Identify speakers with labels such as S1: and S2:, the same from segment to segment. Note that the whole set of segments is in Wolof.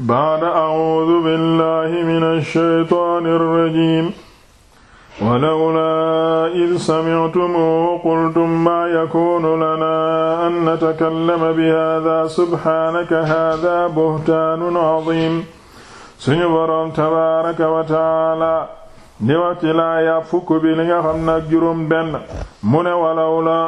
S1: baada audu billahi min alsheytaan alrajim walawlaa id samictumuhu qultum maa yakunu lanaa an natakallama bi haadaa subhaanaka haadaa buhtaanun cadiim suñu boroom tabaaraka wa tacaala di wax ci laayaab fukk bi li nga xam ne ak juróom benn mu ne walawlaa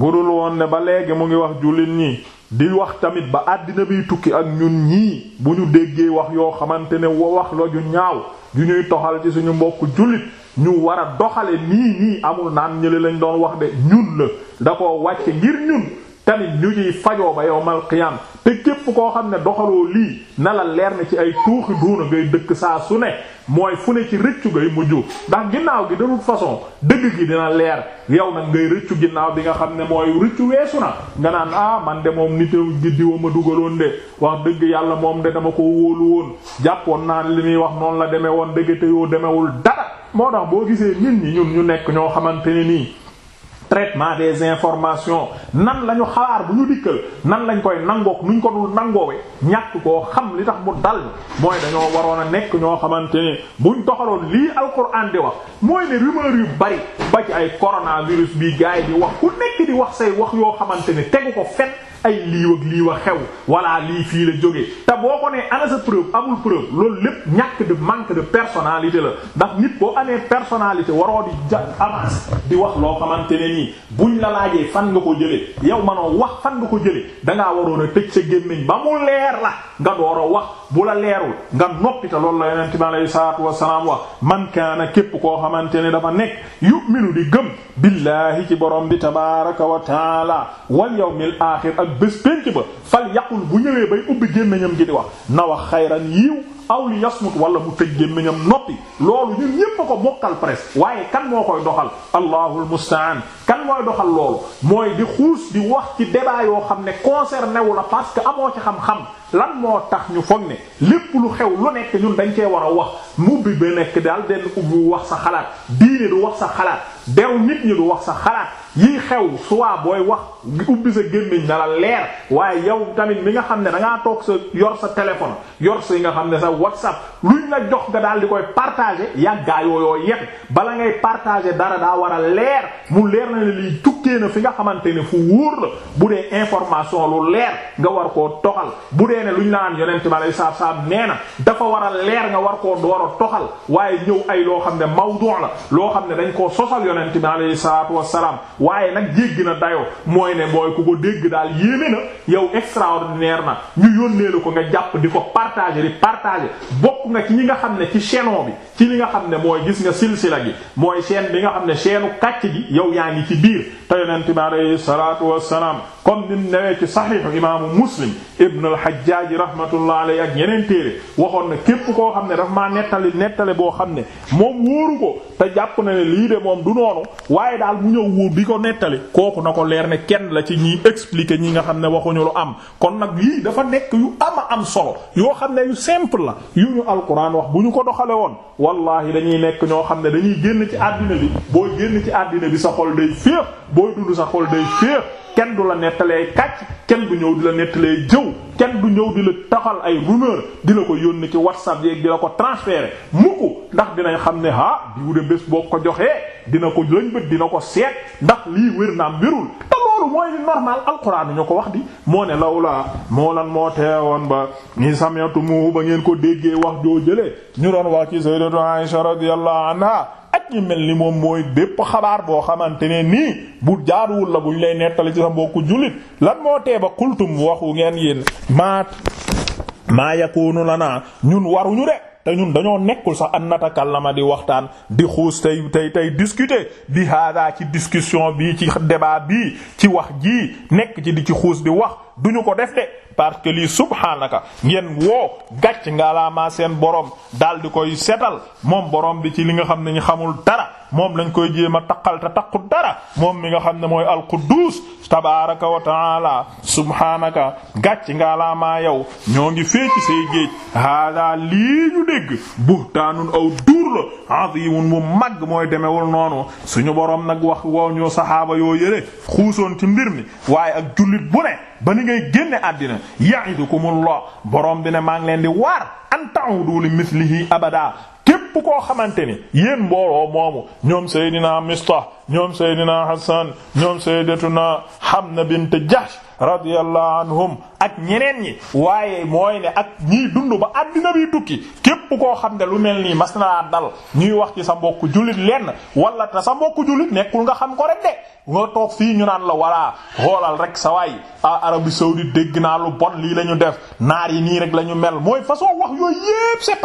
S1: budul woon ne ba léegi mu ngi wax jullit ñi di wax tamit ba àddina
S2: biy tukki ak ñun ñii bu ñu déggee wax yoo xamante ne wax la ju ñaaw ju ñuy toxal ci suñu mbokk jullit ñu war a doxale nii nii amul naan ñële lañ doon wax de ñun la da ko wàcce ngir ñun tamit ñu ciy fajoo ba yawmal qiyaam te képp koo xam ne doxaloo lii na la leer ne ci ay tuuxi duuna ngay dëkk saa su ne mooy fu ne ci rëccu ngay mujj ndax ginnaaw gi de façon dëgg gi dina leer yow nag ngay rëccu ginnaaw bi nga xam ne mooy rëccu weesu na nga naan ah man de moom nit gi diwa ma dugaloon de wax dëgg yàlla moom de dama ko wóolu woon jàppoon naa li muy wax noonu la demee woon dëgg te yoo demewul dara moo tax boo gisee nit ñi ñun ñu nekk ñoo xamante ne nii. traitement des informations nan la ñu xabaar bu ñu dikkal nan lañ koy nangook nuñ ko dul nangoowe ñàkk koo xam li tax mu dal mooy dañoo waroon a nekk ñoo xamante ne buñ doxaloon lii alquran di wax mooy ne rumeur yu bari ba ci ay coronavirus bi gaay di wax ku nekk di wax say wax yoo xamante ne tegu ko fet ay lii ak wa xew walla lii fii la jógee te boo ko nee ana sa preuve amul preuve loolu lépp ñàkk de manque de personnalité la ndax nit boo amee personnalité waroo di ja avance di wax loo xamante ne nii buñ la fan nga ko jële yow manoo wax fan nga ko jële dangaa waroo a tëj sa gémmiñ ba mu leer la nga door a wax bu la leerul nga noppi te loolu la yonent bi alayhi salaatu wassalaam wax man kaana képp koo xamante ne dafa nekk yu'minu di gëm billaahi ci borom bi tabaaraka wa taala bés pénc ba fal yaqul bu ñëwee bay ubbi gémmiñam gi di wax na wax xayran yiiw aw li yasmut wala mu tëj gémmiñam noppi loolu ñun ñépp a ko bokkal presque waaye kan moo koy doxal allahul mustaan kan mooy doxal loolu mooy di xuus di wax ci débat yoo xam ne concerné wu la parce que amoo ci xam-xam lan moo tax ñu foog ne lépp lu xew lu nekk ñun dañ cee war a wax mu bi ba nekk daal denn ubbi wax sa xalaat diine du wax sa xalaat dew nit ñi du wax sa xalaat yi xew soit booy wax ubbi sa gémmiñ na la leer waaye yow tamit mi nga xam ne da ngaa toog sa yor sa téléphone yor sa yi nga xam ne sa whatsapp luñ la jox nga daal di koy partager yàggaa yooyoo yépp bala ngay partager dara daa war a leer mu leer na ne lii tukkee na fi nga xamante ne fu wóor la bu dee information lu leer nga war ko toxal bu dee ne ñu la naan yonent bi alei saatu salaam nee na dafa war a leer nga war koo door toxal waaye ñëw ay loo xam ne mawdu' la loo xam ne dañ yonent bi alayhi salaatu wassalaam waaye nag jéggi na dayoo mooy ne mooy ku ko dégg daal yéeme na yow extraordinaire na ñu yónnee la ko nga jàpp di ko partager di bokk nga ci ñi nga xam ne ci chaînon bi ci li nga xam ne mooy gis nga silsila gi mooy seen bi nga xam ne chaîne u kàcc gi yow yaa ngi ci biir te yonent bi alayhi salaatu wassalaam comme ni mu newee ci saxiixu imaamu muslim ibn al-Hajjaj rahmatullah alayhi ak yeneen téere waxoon na képp koo xam ne daf maa nettali nettali boo xam ne noonu waaye daal bu ñëw wóor di ko nettali kooku na ko leer ne kenn la ci ñiy expliquer ñi nga xam ne waxuñu lu am kon nag yii dafa nekk yu ama am solo yoo xam ne yu simple la yu ñu alquran wax bu ñu ko doxale woon wallahi dañuy nekk ñoo xam ne dañuy génn ci àddina bi booy génn ci àddina bi sa xol day féex booy dund sa xol day féex kenn du la nettalee kàcc kenn du ñëw di la nettalee jëw kenn du ñëw di la taxal ay rumeur dina ko yónni ci whatsapp yeeg di la ko transférer mukk ndax dinañ xam ne ah diw de bés boo ko joxee dina ko lëñbët dina ko seet ndax lii wér naam wérul te loolu mooy normal alxuraan ñu ko wax di moo ne lawla moo lan moo teewoon ba ni samiyatu mu ba ngeen ko déggee wax joo jëlee ñu doon wax ci sayyidatu Aisha radiyallahu anha ñu mel ni moom mooy bépp xabaar boo xamante ne nii bu jaaruwul la bu ñu lay nettali ci sa mbokk jullit lan moo tee ba kultum waxu ngeen yéen maat maa yakunu lana ñun waruñu de te ñun dañoo nekkul sax an natakallama di waxtaan di xuus tey tey tey discuter bi hada ci discussion bi ci débat bi ci wax ji nekk ci di ci xuus di wax duñu ko def de parce que lii subhaanaka ngeen woo gàcc nga laamaa seen borom daal di koy setal moom borom bi ci li nga xam ne ñi xamul dara moom lañ koy jéem a taqal te taqu dara moom mi nga xam ne mooy alquddus tabaaraka wa taala subhaanaka gàcc nga laamaa yow ñoo ngi fee ci say géej haadaa lii ñu dégg buhtaanun aw duur la mu màgg mooy demewul noonu suñu borom nag wax woo ñu saxaaba yoo yëre xuusoon ci mbir mi waaye ak jullit bu ne ba ni ngay génne àddina ya'idukumullah borom bi ne maa ngi leen di waar an ta'udu li mislihi abada képp képp koo xamante ni yéen mbooloo moomu ñoom Seydina Mistah ñoom Seydina Hassan ñoom Seydatuna Hamna bint Jahsh radiyallahu anhum ak ñeneen ñi waaye mooy ne ak ñiy dund ba addina bi tukki képp koo xam ne lu mel nii mas naa dal ñuy wax ci sa mbokku jullit lenn walla te sa mbokku jullit nekkul nga xam ko rek de nga toog fii ñu naan la walla xoolal rek sa waay ah Arabie saoudite dégg naa lu bon lii lañu def naar yi nii rek la ñu mel mooy façon wax yooyu yépp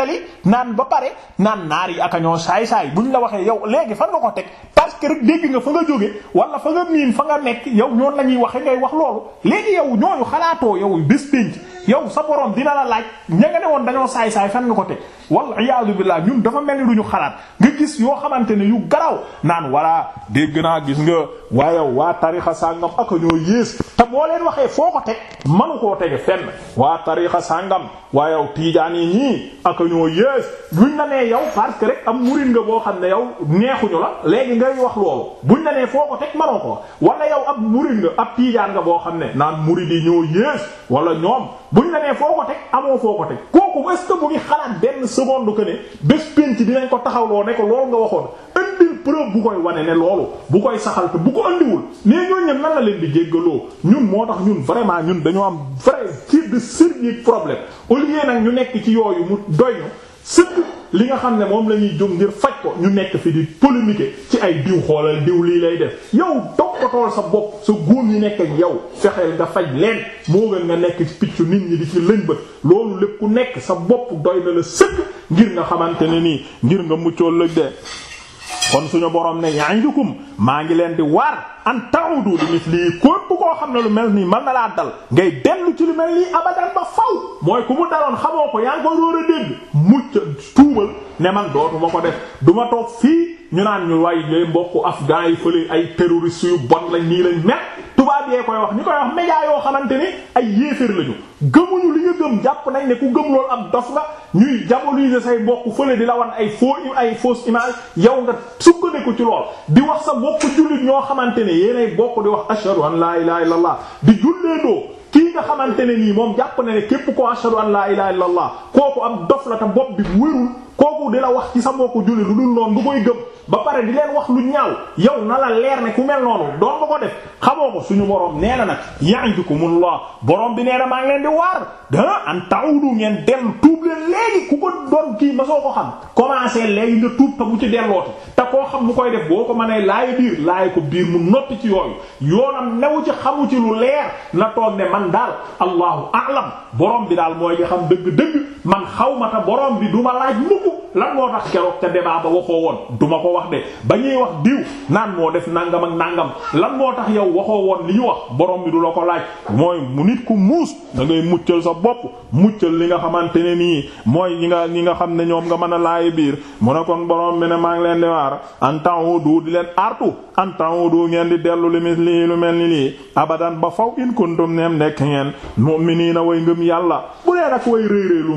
S2: nettali naan ba pare naan naar yi aka ñoo saay-saay ñu la waxee yow léegi fan nga ko teg parce que rek dégg nga fa nga jóge wala fa nga miin fa nga nekk yow ñoon la ñuy waxe ngay wax loolu léegi yow ñooñu xalaatoo yow bés pénc yow sa borom dina la laaj ña ne woon dañoo saay-saay fan nga ko teg wal iyaadu billah ñun dafa mel ni duñu xalaat nga gis yoo xamante ne yu garaw naan wala dégg naa gis nga waayow waa tarixa sangam aka ñoo yées boo leen waxee foo ko teg manu koo tege fenn waa tariixa sàngam waa yow tiijaan yi ñii ak ñoo yées buñ la nee yow parce que rek am murid nga boo xam ne yow neexuñu la léegi ngay wax loolu buñ la nee foo ko teg manoo ko wala yow ab murid nga ab tiijaan nga boo xam ne naan murid yi ñoo yées wala ñoom buñ la nee foo ko teg amoo foo ko teg kooku est-ce que mu ngi xalaat benn seconde que ne bés penc dinañ ko taxaw ne ko loolu nga waxoon benn preuve bu koy wane ne loolu bu koy saxal te bu ko andiwul mais ñooñu ñëpp lan la leen di jéggaloo ñun moo tax ñun vraiment ñun dañoo am vrai ci de sérieux problème au ne nag ñu nekk ci yooyu mu doy ñu surtout li nga xam ne moom la ñuy jóg ngir faj ko ñu nekk fi di polémiquer ci ay diw xoolal diw lii lay def yow toppatool sa bopp sa góom yi nekk ak yow fexeel nga faj leen moo gën nga nekk ci piccu nit ñi di ci lëñbët loolu lépp ku nekk sa bopp doy na la ngir nga xamante ne nii ngir nga muccoo lëj de kon suñu borom ne ya'idukum maa ngi leen di waar an ta'udu li misli képp koo xam ne lu mel nii mën na laa dal ngay dellu ci lu mel nii abadan ba faw mooy ku mu daloon xamoo ko yaa ngi koy door a dégg mucc tuumal ne man dootuma ko def duma toog fii ñu naan ñu waaye ngay mbokku afghan yi fële ay terroristes yu bon lañ nii lañ met tubaab yee koy wax ñu koy wax média yoo xamante ne ay yéeféer lañu gëmuñu li nga gëm jàpp nañ ne ku gëm loolu ab dof nga ñuy diaboliser say bokk fële di la wan ay faux ay fausse image yow nga sukkandiku ci lool di wax sa bokk jullit ñoo xamante ne yéenay bokk di wax ashhadu an la ilaha illallah di jullee doo kii nga xamante ne nii moom jàpp na ne képp ko ashhadu an la ilaha illallah kooku am dof la te bopp bi wérul kooku dina la wax ci sa mbokku julli lu dul noonu du koy gëm ba pare di leen wax lu ñaaw yow na la leer ne ku mel noonu doon nga ko def xamoo ko suñu borom nee na nag ya'idukumullah boroom bi nee na maa ngi leen di waar da an ta'udu ngeen dem tuub leen léegi ku ko doon kii ba soo ko xam commencé léegi nga tuub te bu ci dellooti te koo xam bu koy def boo ko mënee laay biir laay ko biir mu noppi ci yooyu yoonam new ci xamu ci lu leer na toog ne man daal allahu a'lam borom bi daal mooy nga xam dëgg-dëgg man xaw ma borom bi duma laaj mukk ñëw lan moo tax keroog ca débat ba waxoo woon du ma ko wax de ba ñuy wax diw naan moo def nangam ak nangam lan moo tax yow waxoo woon li ñu wax boroom bi du la ko laaj mooy mu nit ku muus da ngay muccal sa bopp muccal li nga xamante ne nii mooy ñi nga ñi nga xam ne ñoom nga mën a laaj biir mu ne kon borom bi ne maa ngi leen di waar en temps du di leen artu en du ngeen di dellu li lu mel ni lii abadan ba faw in kuntum neem nekk ngeen mu'minina way ngëm yàlla way réeréelu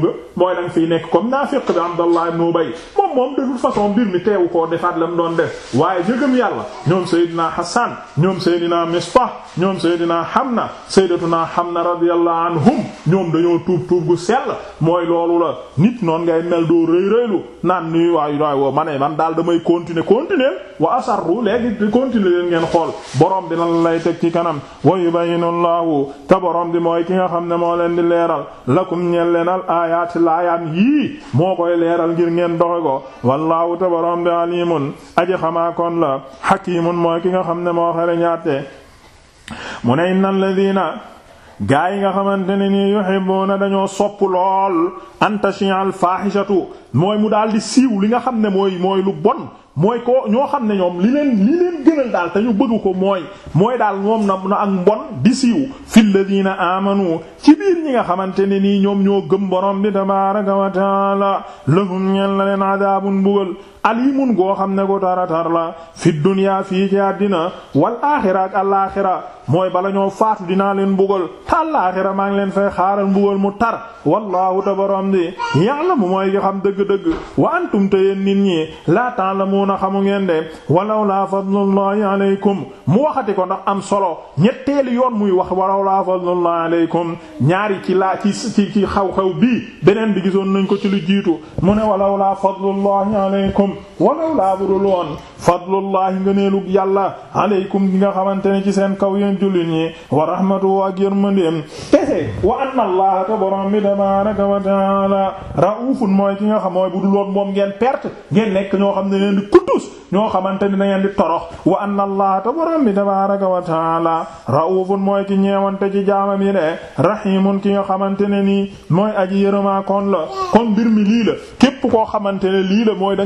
S2: Ubay moom moom de toute façon mbir mi teewu koo defaat la mu doon def waaye ñu gëm yàlla ñoom Seydina Hassan ñoom Seydina Misbah ñoom Seydina Hamna Seydatuna Hamna radiyallahu anhum ñoom dañoo tuub tuub gu sell mooy loolu la nit noon ngay mel doo rëy rëylu naan nuy waay waay woo ma ne man daal damay continuer continuer wa asarru léegi
S1: continuer leen ngeen xool borom bi lan lay teg ci kanam wa yubayyinu Allahu te borom bi mooy ki nga xam ne moo ngeen doxe ko wallaahu te borom bi alimun aji la xakimun mooy ki nga xam ne moo xere ñaate mu ne innal ladina gaa yi nga xamante ne nii yuhibbuna dañoo sopp lool an tashi'a al fahishatu
S2: mooy mu daal di siiw li nga xam ne mooy mooy lu bon mooy ko ñoo xam ne ñoom li leen li leen gënal daal te ñu ko mooy mooy daal moom na na ak mbon di siiw fil ladina amanu ci biir ñi nga xamante ni nii ñoom ñoo gëm borom bi tabaraka wa taala lahum la leen adabun mbugal alimun goo xam ne ko taratar la fi dunya fii ci àddina wal axira ak al mooy bala ñoo faatu dinaa leen mbugal tàllaaxira maa ngi leen fay xaaral mbugal mu tar wallaahu tabaram di ya'lamu mooy ki xam dëgg-dëgg wa antum te yéen nit ñi laa na xamu ngeen de walaw laa fadlullahi aleykum mu waxati ko ndax am solo ñetteeli yoon muy wax walaw laa fadlullahi aleykum ñaari ci laa ci ci ci xaw-xaw bii beneen bi gisoon nañ ko ci lu jiitu mu ne walaw
S1: laa fadlullahi aleykum walaw laa budul woon fadlullahi ngëneelu yàlla aleykum gi nga xamante ne ci seen kaw mboolem jullit ñi wa rahmatu ak yërmandeem tese wa anna allaha ta borom bi tabaraka wa taala raufun mooy ki nga xam mooy bu
S2: dul moom ngeen perte ngeen nekk ñoo xam ne leen di kuddus ñoo xamante ni da ngeen di torox wa anna
S1: allaha ta borom bi tabaraka wa taala raufun mooy ki ñeewante ci jaamam yi de rahimun ki nga xamante ne nii mooy aji yërëmaa kon la kon mbir mi lii la képp koo
S2: xamante ne lii la mooy da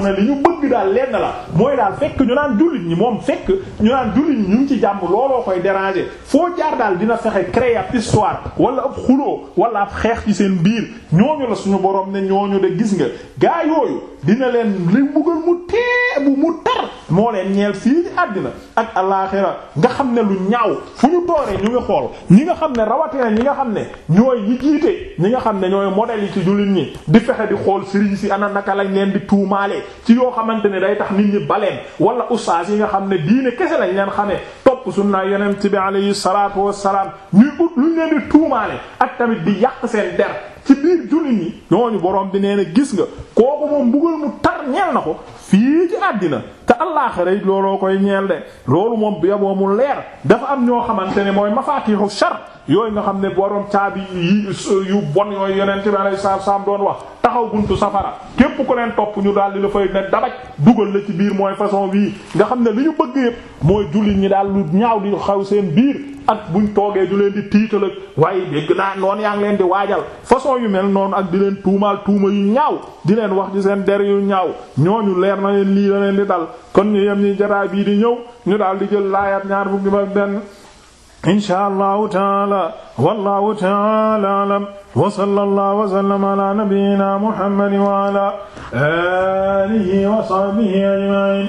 S2: ne li ñu bëgg daal lenn la mooy daal fekk ñu naan jullit ñi moom fekk que ñu naan jullit ñu ngi ci jàmm looloo koy déranger foo jaar daal dina fexe créer ab histoire wala ab xuloo wala ab xeex ci seen biir ñooñu la suñu borom ne ñooñu de gis nga gaa yooyu dina leen li mbugal mu teebu mu tar moo leen ñeel fii ci àddina ak alaaxira nga xam ne lu ñaaw fu ñu dooree ñu ngi xool ñi nga xam ne rawatina ñi nga xam ne ñooy ñi jiite ñi nga xam ne ñooy modèle yi ci jullit ñi di fexe di xool sëriñ si ana naka lañ leen di tuumaale ci yoo xamante ne day tax nit ñi baleen wala ustaas yi nga xam ne diine kese lañ leen xamee topp sunna yonent bi alayhi salaatu wassalaam ñuy ut luñ leen di tuumaale ak tamit di yàq seen der ci biir jullit ñi ñooñu boroom bi nee na gis nga kooku moom mbugal mu tar ñeel na ko fii ci àddina te allaaxira yi looloo koy ñeel de loolu moom biyaboo mu leer dafa am ñoo xamante ne mooy mafaatiixu shar yooyu nga xam ne borom caabi yi yu bon yooyu yonent bi alayhi salaatu salaam doon wax taxaw buntu safara képp ku leen topp ñu daal di la fay ne dabaj dugal la ci biir mooy façon wii nga xam ne li ñu bëgg yëpp mooy jullit ñi daal lu ñaaw di xaw seen biir ak buñ toogee du leen di tiital ak waaye dégg naa noonu yaa ngi leen di waajal façon yu mel noon ak di leen tuumaal tuuma yu ñaaw di leen wax ci seen der yu ñaaw ñooñu leer na leen lii leen di dal kon ñu yem ñi jataay bii di ñëw ñu daal di jël laayat ñaar fukki ba benn
S1: insha allahu taala wallahu taala alam wa sallallahu wa sallama ala nabiyyina muhammadin wa ala alihi wa sahbihi ajma'in